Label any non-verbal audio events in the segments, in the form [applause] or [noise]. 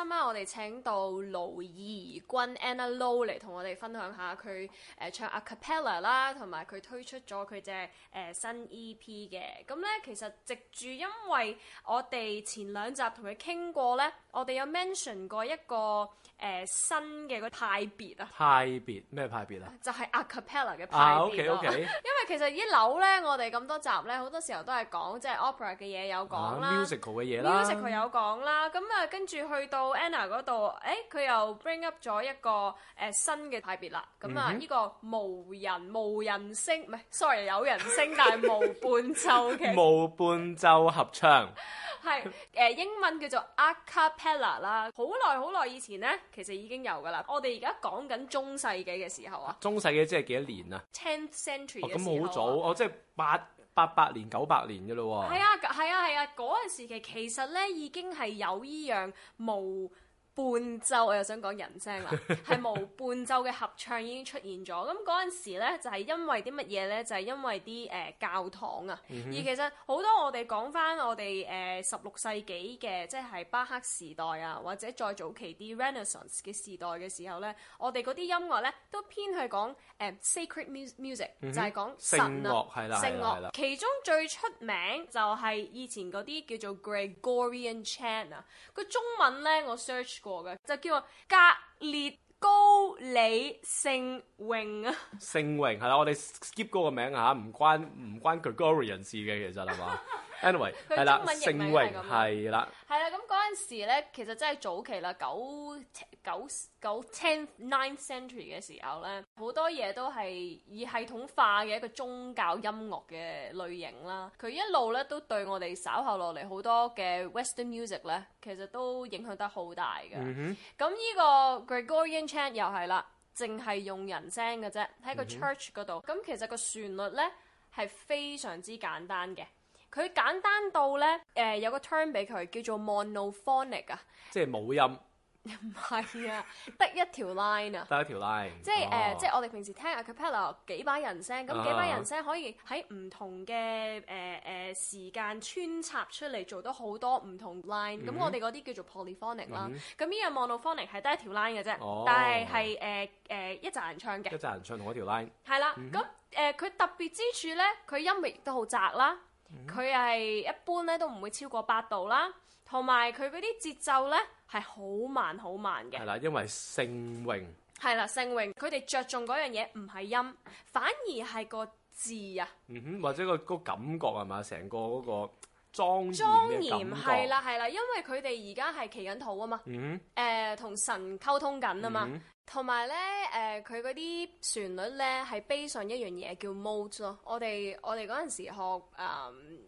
今晚我哋請到盧怡君 Anna Low 嚟同我哋分享一下佢誒、呃、唱 Acapella 啦，同埋佢推出咗佢隻誒新 EP 嘅。咁、嗯、咧其實藉住，因為我哋前兩集同佢傾過咧，我哋有 mention 過一個誒、呃、新嘅、個派別啊。派別咩派別啊？就係 Acapella 嘅派別咯。因為其實一樓咧，我哋咁多集咧，好多時候都係講即係 Opera 嘅嘢有講啦，Musical 嘅嘢啦，Musical 有講啦。咁啊，跟住去到到 Anna 嗰度，誒佢又 bring up 咗一個誒新嘅派別啦。咁啊，呢個無人無人聲，唔係，sorry 有人聲，但係無伴奏嘅無伴奏合唱，係誒英文叫做 a cappella 啦。好耐好耐以前咧，其實已經有噶啦。我哋而家講緊中世紀嘅時候啊，中世紀即係幾多年啊？Tenth century 嘅時候，咁好早哦，即係八。八八年、九八年嘅咯，係啊，係啊，係啊，嗰陣、啊、時期其實咧已經係有依樣冇伴奏，我又想講人聲啦，係 [laughs] 無伴奏嘅合唱已經出現咗。咁嗰陣時呢，就係因為啲乜嘢呢？就係、是、因為啲、就是呃、教堂啊。嗯、而其實好多我哋講翻我哋十六世紀嘅，即係巴克時代啊，或者再早期啲 Renaissance 嘅時代嘅時候呢，我哋嗰啲音樂呢，都偏去講、呃、Sacred music，、嗯、就係講聖樂係啦，聖樂啦。其中最出名就係以前嗰啲叫做 Gregorian chant 啊。個中文呢，我 search。就叫格列高里姓榮啊，姓榮係啦，我哋 skip 過個名吓，唔關唔關 Gregorian 事嘅，其實係嘛。 [laughs] Anyway，佢中文譯名係咁。係啦，係啦。咁嗰陣時咧，其實真係早期啦，九九九 tenth ninth century 嘅時候咧，好多嘢都係以系統化嘅一個宗教音樂嘅類型啦。佢一路咧都對我哋稍後落嚟好多嘅 Western music 咧，其實都影響得好大嘅。咁、嗯、呢個 Gregorian chant 又係啦，淨係用人聲嘅啫，喺個 church 嗰度。咁、嗯、其實個旋律咧係非常之簡單嘅。佢簡單到咧，誒、呃、有個 term 俾佢叫做 monophonic 啊，即係冇音，唔係啊，得一條 line 啊，得一條 line，即係誒，即係我哋平時聽 a cappella 幾把人聲，咁幾把人聲可以喺唔同嘅誒誒時間穿插出嚟，做到好多唔同 line，咁、嗯、我哋嗰啲叫做 polyphonic 啦、啊，咁呢樣 monophonic 係得一、哦呃呃、一,一,一條 line 嘅啫，但係係誒誒一紮人唱嘅，一紮人唱同一條 line，係啦，咁誒佢特別之處咧，佢音域都好窄啦。佢、嗯、係一般咧都唔會超過八度啦，同埋佢嗰啲節奏咧係好慢好慢嘅。係啦，因為聖詠。係啦，聖詠，佢哋着重嗰樣嘢唔係音，反而係個字啊。嗯哼，或者個個感覺係嘛，成個嗰個莊嚴嘅感覺。莊嚴係啦係啦，因為佢哋而家係祈緊禱啊嘛。嗯哼。同、呃、神溝通緊啊嘛。嗯同埋咧，誒佢嗰啲旋律咧係悲上一樣嘢叫 mode 咯。我哋我哋嗰陣時學、嗯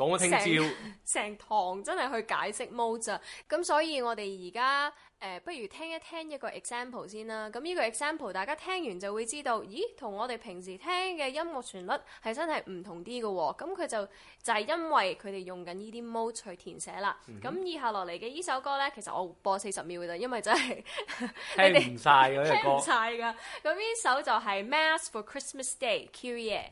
講到聽朝成堂真係去解釋 mode 咁，所以我哋而家誒，不如聽一聽一個 example 先啦。咁呢個 example 大家聽完就會知道，咦，同我哋平時聽嘅音樂旋律係真係唔同啲嘅喎。咁佢就就係、是、因為佢哋用緊呢啲 mode 去填寫啦。咁、嗯、以下落嚟嘅呢首歌呢，其實我播四十秒嘅，因為真、就、係、是、聽唔晒嘅呢首歌。咁 [laughs] 呢首， [laughs] 首就係《Mass for Christmas Day》Kyrie。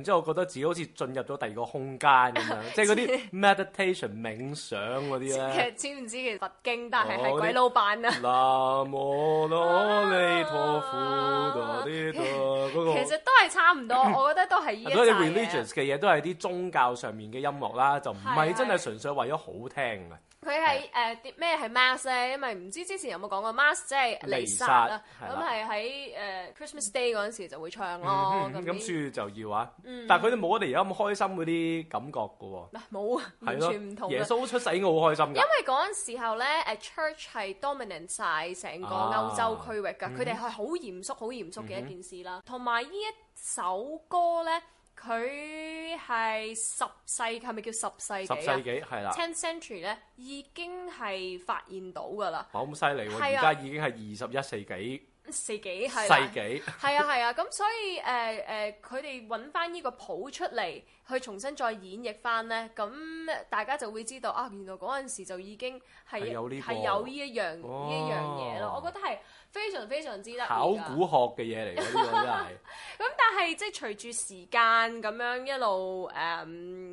然之我覺得自己好似進入咗第二個空間咁啊！即係嗰啲 meditation [laughs] 冥想嗰啲咧，其實知唔知其實佛經，但係係鬼佬版啊！南無阿彌陀佛嗰啲，其實都係差唔多， [laughs] 我覺得都係依扎嘅。religious 嘅嘢，都係啲宗教上面嘅音樂啦，就唔係真係純粹為咗好聽嘅。佢係誒啲咩係 mass 咧，因為唔知之前有冇講過 mass 即係嚟殺啦，咁係喺 Christmas Day 嗰陣時就會唱咯。咁咁以就要啊，嗯、但佢哋冇我哋而家咁開心嗰啲感覺噶喎。嗱冇，完全唔同。耶穌出世應該好開心㗎。因為嗰陣時候咧，誒 Church 係 dominant 曬成個歐洲區域㗎，佢哋係好嚴肅、好嚴肅嘅一件事啦。同埋呢一首歌咧。佢係十世，係咪叫十世紀啊？十世紀係啦，ten century 咧已經係發現到㗎啦啊。好犀利喎！而家已經係二十一世紀。世紀係啦，係啊，係啊，咁所以誒誒，佢哋揾翻呢個譜出嚟，去重新再演繹翻咧，咁大家就會知道啊，原來嗰陣時就已經係有呢、這、係、個、有呢一樣呢一、哦、樣嘢咯。我覺得係非常非常之得考古學嘅嘢嚟嘅呢個真係。咁但係即係隨住時間咁樣一路誒、呃、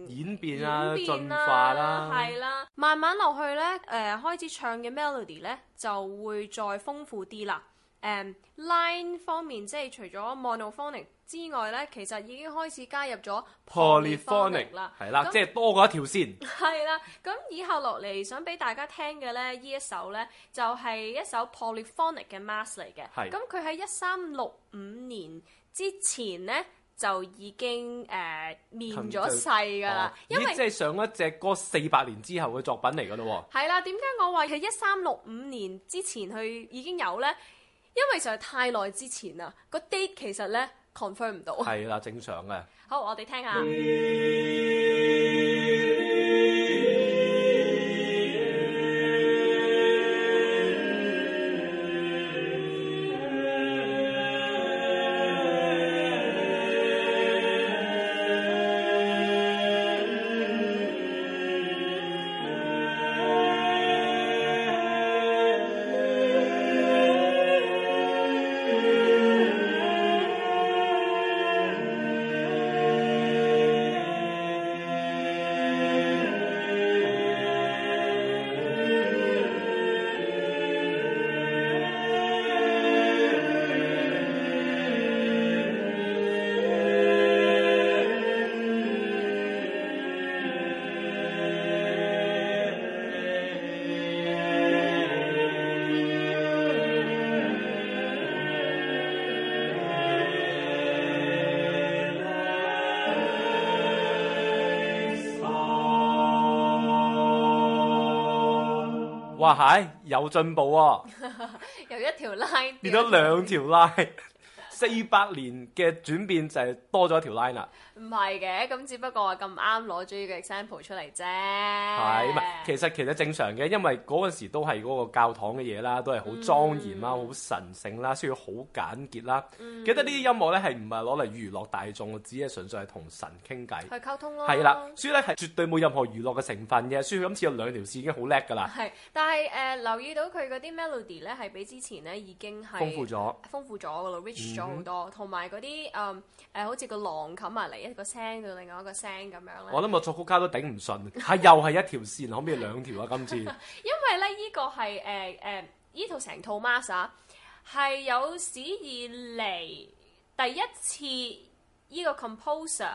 演變進、啊啊、化啦、啊，係、啊、啦，慢慢落去咧誒、呃，開始唱嘅 melody 咧就會再豐富啲啦。誒、um, line 方面，即係除咗 monophonic 之外咧，其實已經開始加入咗 polyphonic 啦，係啦，即係多過一條線。係啦，咁以後落嚟想俾大家聽嘅咧，呢一首咧就係、是、一首 polyphonic 嘅 mass 嚟嘅。係咁，佢喺一三六五年之前咧就已經誒面咗世㗎啦、哦，因為即係上一隻歌四百年之後嘅作品嚟㗎咯。係啦，點解我話喺一三六五年之前佢已經有咧？因為就係太耐之前啦，個 date 其實咧 confirm 唔到。係啦，正常嘅。好，我哋聽下，嗯。哇嗨，有進步喎，啊，又 [laughs] 一條拉，變咗兩條拉。 [laughs] 四百年嘅轉變就係多咗一條 line 啦。唔係嘅，咁只不過話咁啱攞咗呢個 example 出嚟啫。係，其實其實正常嘅，因為嗰陣時都係嗰個教堂嘅嘢啦，都係好莊嚴啦，好、嗯、神聖啦，需要好簡潔啦、嗯。記得呢啲音樂咧係唔係攞嚟娛樂大眾，只係純粹係同神傾偈，去溝通咯。係啦，所以咧係絕對冇任何娛樂嘅成分嘅。所以今次有兩條線已經好叻㗎啦。係，但係誒、呃、留意到佢嗰啲 melody 咧係比之前咧已經係豐富咗，豐富咗㗎咯，rich 咗。好、嗯、多，同埋嗰啲誒誒，好似個浪冚埋嚟一個聲到另外一個聲咁樣咧。我諗我作曲家都頂唔順，係 [laughs] 又係一條線， [laughs] 可唔可以兩條啊？今次 [laughs] 因為咧，依、依個係誒誒，依、呃呃依個、套成套 master 係有史以嚟第一次依個 composer。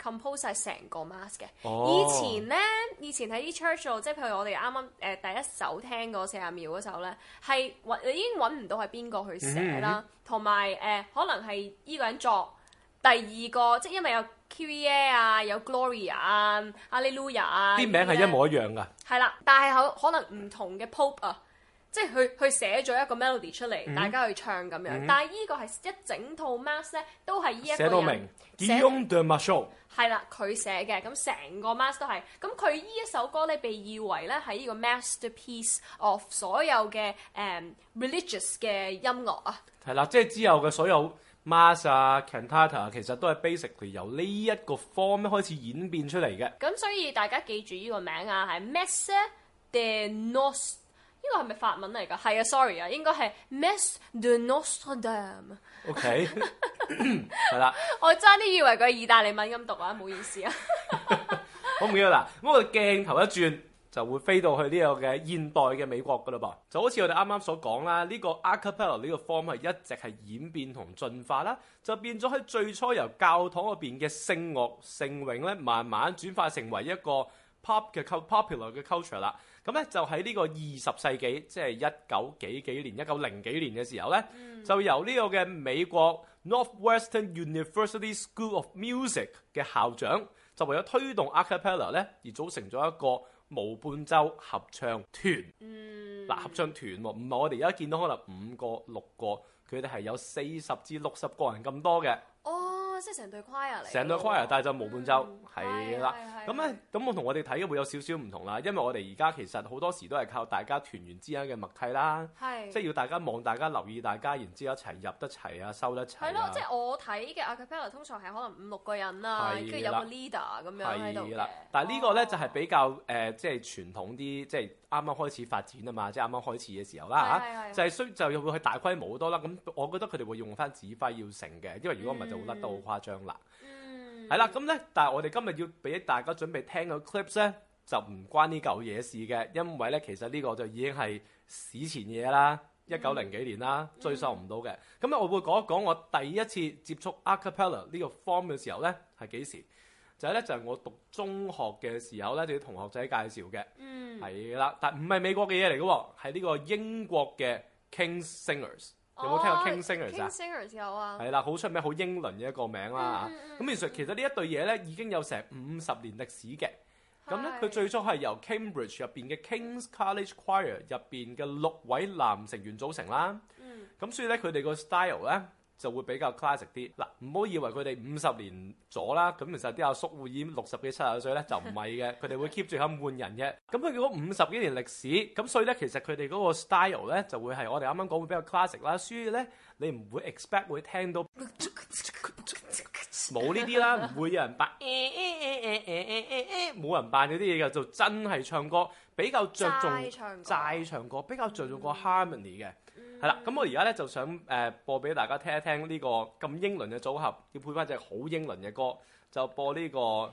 Compose 曬成個 mass 嘅，以前咧，oh. 以前喺啲 church 度，即係譬如我哋啱啱誒第一首聽嗰四十秒嗰首咧，係你已經揾唔到係邊個去寫啦，同埋誒可能係依個人作第二個，即係因為有 Kyrie 啊，有 Gloria 啊 alleluia 啊，啲名係一模一樣噶，係啦，但係可可能唔同嘅 Pope 啊，即係佢去寫咗一個 melody 出嚟，mm-hmm. 大家去唱咁樣，mm-hmm. 但係依個係一整套 mass 咧，都係依一個人 De Messe 係啦，佢寫嘅咁成個 mass 都係，咁佢呢一首歌咧被譽為咧係呢個 masterpiece of 所有嘅、um, religious 嘅音樂啊。係啦，即係之後嘅所有 mass 啊，cantata 其實都係 basically 由呢一個 form 開始演變出嚟嘅。咁所以大家記住呢個名啊，係 Messe de Nostre。呢、這個係咪法文嚟㗎？係啊，sorry 啊，應該係《Mess de Notre Dame》okay。O K，係啦。我差啲以為佢係意大利文咁讀啊，唔好意思啊。 [laughs] 好唔記得啦。咁個鏡頭一轉，就會飛到去呢個嘅現代嘅美國㗎啦噃。就好似我哋啱啱所講啦，呢、這個 Acapella 呢個 form 係一直係演變同進化啦，就變咗喺最初由教堂入邊嘅聖樂聖詠咧，慢慢轉化成為一個 pop 嘅 popular 嘅 culture 啦。咁咧就喺呢個二十世紀，即、就、係、是、一九幾幾年，一九零幾年嘅時候呢、嗯、就由呢個嘅美國 Northwestern University School of Music 嘅校長，就為咗推動 A Cappella 呢，而組成咗一個無伴奏合唱團。嗱、嗯，合唱團喎，唔係我哋而家見到可能五個、六個，佢哋係有四十至六十個人咁多嘅。成、啊、對 choir 嚟，成對 choir，、嗯、但係就冇伴奏，係、嗯、啦。咁咧，咁我同我哋睇會有少少唔同啦，因為我哋而家其實好多時都係靠大家團員之間嘅默契啦，即、就是、要大家望、大家留意、大家然之後一齊入得齊啊、收得齊。係咯，即我睇嘅 acapella 通常係可能五六個人啦，跟住有個 leader 咁樣喺度嘅。係啦，但係呢個咧就係比較誒，即係傳統啲，即係。啱啱開始發展啊嘛，即係啱啱開始嘅時候啦嚇，就係、是、需就又會去大規模好多啦。咁我覺得佢哋會用翻指揮要成嘅，因為如果唔係就會甩得好誇張啦。係、嗯嗯、啦，咁咧，但係我哋今日要俾大家準備聽個 clips 咧，就唔關呢嚿嘢事嘅，因為咧其實呢個就已經係史前嘢啦，一九零幾年啦，追收唔到嘅。咁咧，嗯、我會講一講我第一次接觸 acapella 呢個 form 嘅時候咧係幾時。就係咧，就係我讀中學嘅時候咧，啲同學仔介紹嘅，係、嗯、啦，但唔係美國嘅嘢嚟嘅喎，係呢個英國嘅 King Singers、哦、有冇聽過 King Singers 啊？King Singers 有啊，係啦，好出名、好英倫嘅一個名啦咁、嗯嗯嗯、其實其實呢一對嘢咧已經有成五十年歷史嘅，咁咧佢最初係由 Cambridge 入邊嘅 King’s College Choir 入邊嘅六位男成員組成啦。咁、嗯、所以咧佢哋個 style 咧。就會比較 classic 啲嗱，唔好以為佢哋五十年咗啦，咁其實啲阿叔會演六十幾、七十歲咧就唔係嘅，佢哋會 keep 住咁換人嘅。咁佢如果五十幾年歷史，咁所以咧其實佢哋嗰個 style 咧就會係我哋啱啱講會比較 classic 啦。所以咧你唔會 expect 會聽到冇呢啲啦，唔 [laughs] 會有人扮冇 [laughs] 人扮呢啲嘢嘅，就真係唱歌比較着重在唱歌，比較着重個 harmony 嘅。係啦，咁我而家咧就想、呃、播俾大家聽一聽呢個咁英倫嘅組合，要配翻隻好英倫嘅歌，就播呢個。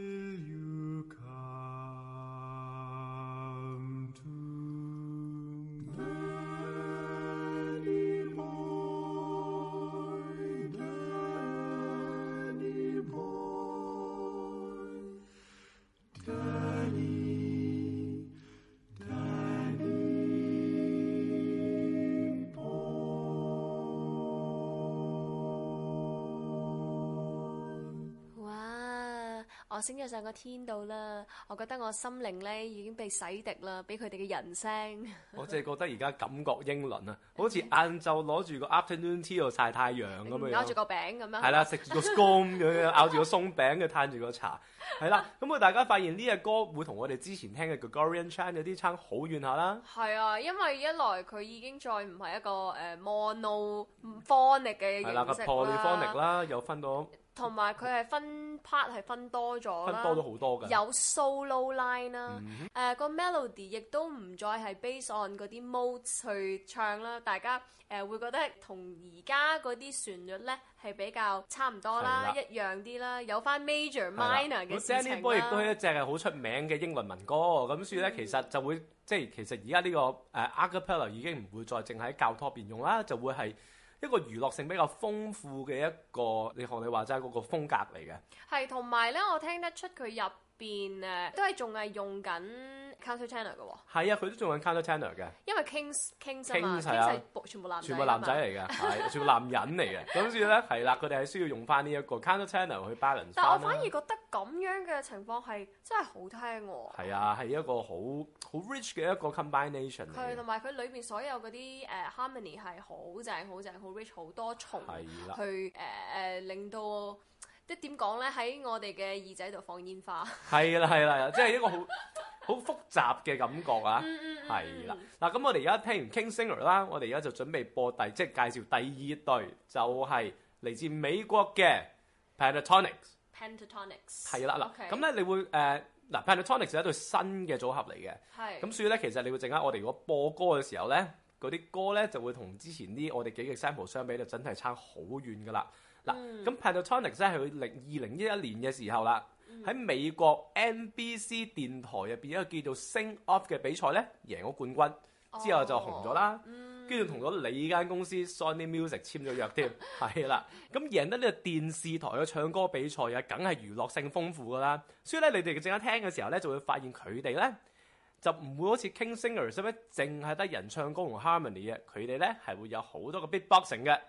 我升咗上個天度啦！我覺得我心靈咧已經被洗滌啦，俾佢哋嘅人聲。我淨係覺得而家感覺英倫啊， [laughs] 好似晏晝攞住個 afternoon tea 度曬太陽咁、嗯、樣。樣 [laughs] 咬住個餅咁樣。係啦，食住個 scone 咁樣，咬住個鬆餅嘅，攤住個茶。係啦，咁 [laughs] 啊、嗯，大家發現呢隻歌會同我哋之前聽嘅 Gregorian Chant 有啲差好遠下啦。係啊，因為一來佢已經再唔係一個誒、呃、monophony 嘅形式啦。係啦，個 polyphonic 啦，又分到。同埋佢係分 part 係分，分多咗分多咗好多㗎，有 solo line 啦、啊，誒、嗯、個、呃、melody 亦都唔再係 base on 嗰啲 mode 去唱啦，大家誒、呃、會覺得同而家嗰啲旋律咧係比較差唔多啦，一樣啲啦，有翻 major minor 嘅心情。我 Sandy Boy 亦都一隻係好出名嘅英文民歌，咁所以咧其實就會、嗯、即係其實而家呢個誒、呃、acapella 已經唔會再淨喺教堂邊用啦，就會係。一個娛樂性比較豐富嘅一個，你學你話齋嗰個風格嚟嘅，係同埋呢，我聽得出佢入邊誒都係仲係用緊 counter tenor 嘅喎，係啊，佢都仲用緊 counter tenor 嘅，因為 king、yeah. 全部男、啊、全部男仔嚟嘅，係 [laughs] 全部男人嚟嘅，咁所以咧係啦，佢哋係需要用翻呢一個 counter tenor 去 balance。但我反而覺得咁樣嘅情況係真係好聽喎、哦，係啊，係一個好好 rich 嘅一個 combination、啊。佢同埋佢裏邊所有嗰啲誒 harmony 係好正、好正、好 rich、好多重、啊、去誒誒、uh, 令到。即係點講咧？喺我哋嘅耳仔度放煙花，係啦係啦，即係一個好好 [laughs] 複雜嘅感覺啊！係 [laughs] 啦，嗱咁我哋而家聽完 King Singer 啦，我哋而家就準備播第，即係介紹第二對，就係、是、嚟自美國嘅 Pentatonix Pentatonix 係啦嗱，咁、okay. 咧你會誒嗱、呃、Pentatonix 係一對新嘅組合嚟嘅，咁所以咧其實你會陣間我哋如果播歌嘅時候咧，嗰啲歌咧就會同之前啲我哋幾個 sample 相比，就真係差好遠噶啦。嗱、嗯，咁 Pentatonix 呢，係佢零二零一一年嘅時候啦，喺、嗯、美國 NBC 電台入面一個叫做 Sing Off 嘅比賽咧，贏咗冠軍之後就紅咗啦，嗯、跟住同咗你間公司 Sony Music 簽咗約添，係 [laughs] 啦。咁贏得呢個電視台嘅唱歌比賽啊，梗係娛樂性豐富㗎啦。所以咧，你哋正一聽嘅時候咧，就會發現佢哋咧就唔會好似 King Singers 咁樣，淨係得人唱歌同 Harmony 嘅。佢哋咧係會有好多個 beatboxing 嘅。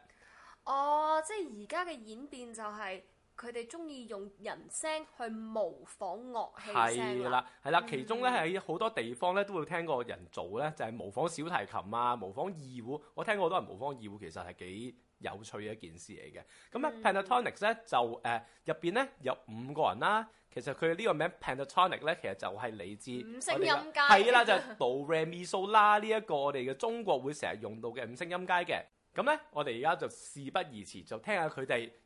哦，即係而家嘅演變就係佢哋中意用人聲去模仿樂器聲啦。係啦，係啦、嗯，其中咧喺好多地方咧都會聽過人做咧，就係、是、模仿小提琴啊，模仿二胡。我聽過好多人模仿二胡，其實係幾有趣嘅一件事嚟嘅。咁、嗯、咧 Pentatonics 咧就誒入邊咧有五個人啦、啊。其實佢呢個名 Pentatonics 咧，其實就係嚟自五聲音階。係啦，就係度 re mi sol la。呢一個我哋嘅中國會成日用到嘅五聲音階嘅。咁咧，我哋而家就事不宜遲，就聽下佢哋。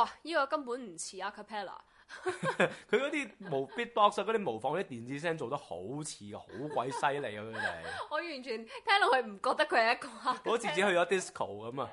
哇！依、這個根本唔似啊，Acapella [laughs] 。佢嗰那啲些模 beatbox 嗰 [laughs] 啲模仿啲電子聲做得好似，好鬼犀利啊。佢哋， [laughs] 我完全聽落去唔覺得佢係一個 [laughs] 我自己。我似只去咗 disco 咁啊！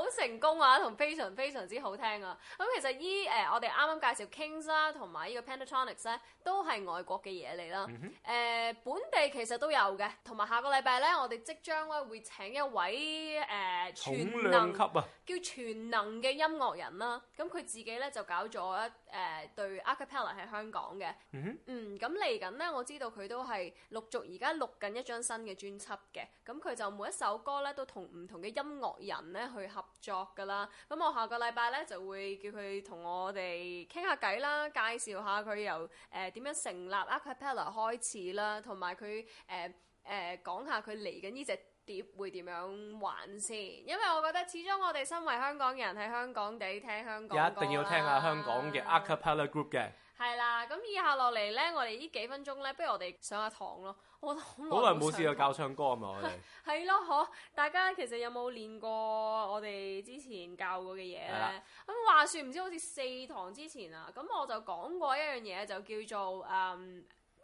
好成功啊，同非常非常之好聽啊！咁其實依誒、呃，我哋啱啱介紹 Kings、啊啊、啦，同埋呢個 Pentatonix 咧，都係外國嘅嘢嚟啦。誒，本地其實都有嘅，同埋下個禮拜咧，我哋即將咧會請一位誒、呃、全能級啊，叫全能嘅音樂人啦、啊。咁佢自己咧就搞咗一。誒、呃、對，Acapella 係香港嘅，mm-hmm. 嗯，咁嚟緊呢，我知道佢都係陸續而家錄緊一張新嘅專輯嘅，咁佢就每一首歌咧都同唔同嘅音樂人咧去合作㗎啦，咁我下個禮拜咧就會叫佢同我哋傾下偈啦，介紹下佢由誒點、呃、樣成立 Acapella 開始啦，同埋佢誒誒講下佢嚟緊呢隻碟會點樣玩先？因為我覺得始終我哋身為香港人喺香港地聽香港歌，一定要聽下香港嘅 Acapella Group 嘅。係啦，咁以下落嚟咧，我哋呢幾分鐘咧，不如我哋上下堂咯。我好耐冇好耐冇試過教唱歌啊嘛，我哋係咯，嗬！大家其實有冇練過我哋之前教過嘅嘢咧？咁話説唔知好似四堂之前啊，咁我就講過一樣嘢，就叫做誒。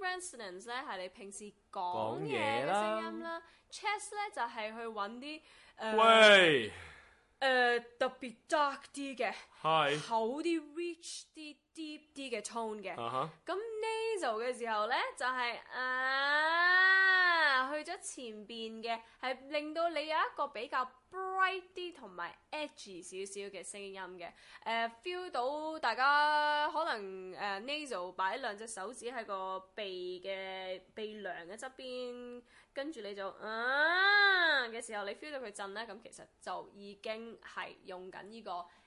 resonance 咧係你平時講嘢嘅聲音啦，chest 咧就係去揾啲誒誒特別 dark 啲嘅，係厚啲 rich 啲 deep 啲嘅 tone 嘅，咁呢。Nasal 嘅時候呢，就係啊，去咗前邊嘅，係令到你有一個比較 bright 啲同埋 edgy 少少嘅聲音嘅。誒，feel 到大家可能誒，Nasal 擺兩隻手指喺個鼻嘅鼻梁嘅側邊，跟住你就啊嘅時候，你 feel 到佢震呢，咁其實就已經係用緊呢個。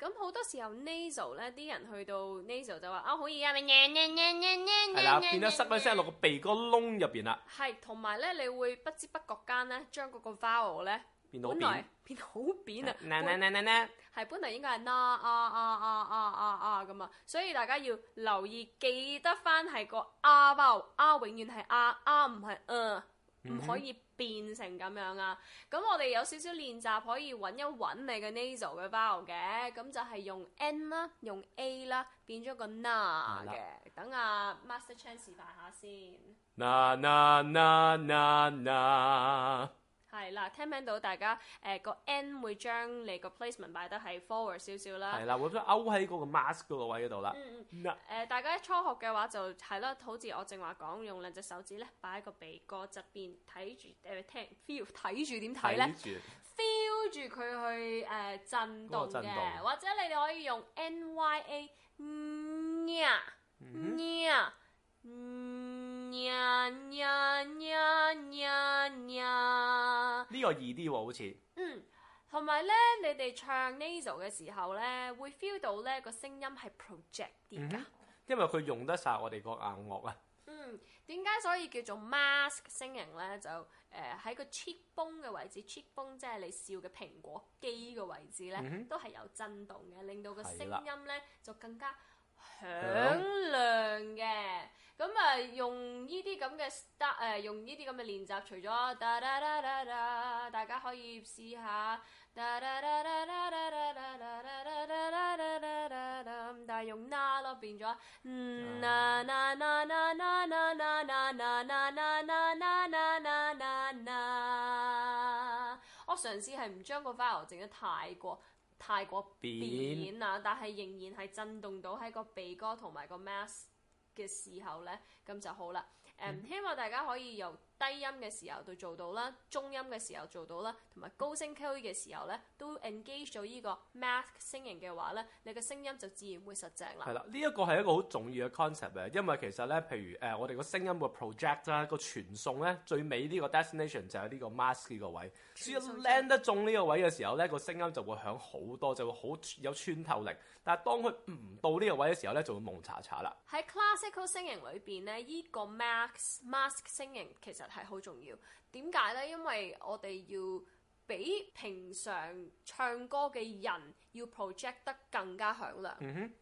咁好多時候 nasal 咧，啲人去到 nasal 就話啊，可以啊，係啦，變得塞一聲落個鼻哥窿入邊啦。係，同埋咧，你會不知不覺間咧，將嗰個 vowel 咧變到扁，變好扁啊！唸唸唸唸唸，係本嚟應該係啊啊啊啊啊啊咁啊，所以大家要留意，記得翻係個啊 vowel，啊永遠係啊，啊唔係嗯，唔可以。變成咁樣啊！咁我哋有少少練習，可以揾一揾你嘅 nasal 嘅包嘅，咁就係用 N 啦，用 A 啦變咗個 Na 嘅。那等阿 Master Chance 示範下先。係啦，聽唔聽到大家誒個 N 會將你個 placement 擺得係 forward 少少啦。係啦，會唔會勾喺嗰個 mask 嗰個位嗰度啦。嗯嗯。誒、no。呃，大家一初學嘅話就係咯，好似我正話講，用兩隻手指咧擺喺個鼻哥側邊睇住誒聽 feel 睇住點睇咧？feel 住佢去誒震動嘅，或者你哋可以用 N Y A，嗯。嗯。呀呀呀呀呀！呢個易啲喎，好似。嗯，同埋咧，你哋唱 nasal 嘅時候咧，會 feel 到咧個聲音係 project 點㗎。因為佢用得曬我哋個硬顎啊。嗯，點解所以叫做 mask 聲型咧？就誒喺個 cheekbone 嘅位置，cheekbone 即係你笑嘅蘋果肌嘅位置咧，都係有震動嘅，令到個聲音咧就更加。響亮嘅，咁、嗯、啊用呢啲咁嘅 start 用呢啲咁嘅練習，除咗，大家可以試下，但係用 na 咯變咗，我嘗試係唔將個 file 整得太過。太過扁啦！但係仍然係震動到喺個鼻哥同埋個 mask 嘅時候咧，咁就好啦。誒、嗯嗯，希望大家可以用。低音嘅時候都做到啦，中音嘅時候做到啦，同埋高聲區嘅時候咧，都 engage 咗呢個 mask 聲型嘅話咧，你嘅聲音就自然會實正啦。係啦，呢一個係一個好重要嘅 concept 啊，因為其實咧，譬如誒、呃，我哋個聲音嘅 project 啦、啊，個傳送咧，最尾呢個 destination 就係呢個 mask 呢個位，只要 land 得中呢個位嘅時候咧，個聲音就會響好多，就會好有穿透力。但係當佢唔到呢個位嘅時候咧，就會蒙查查啦。喺 classical 聲型裏邊咧，呢、呢個 mask mask 聲型其實～係好重要，點解咧？因為我哋要。比平常唱歌嘅人要 project 得更加響亮。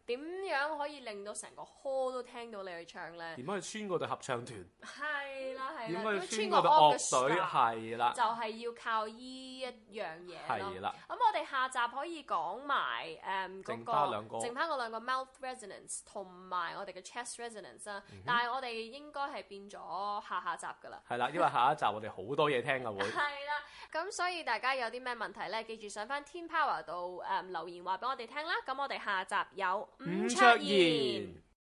點、嗯、樣可以令到成個 hall 都聽到你去唱咧？點可以穿過對合唱團？係啦，係啦。點可以穿過樂隊？係啦。就係、是、要靠依一樣嘢。係啦。咁、嗯、我哋下集可以講埋誒嗰個剩翻兩個剩兩個 mouth resonance 同埋我哋嘅 chest resonance 啦、嗯，但係我哋應該係變咗下下集噶啦。係啦，因為下一集我哋好多嘢聽㗎喎。係 [laughs] 啦，咁所以大。大家有啲咩問題咧？記住上翻天 Power 度、嗯、留言話俾我哋聽啦！咁我哋下集有伍卓賢。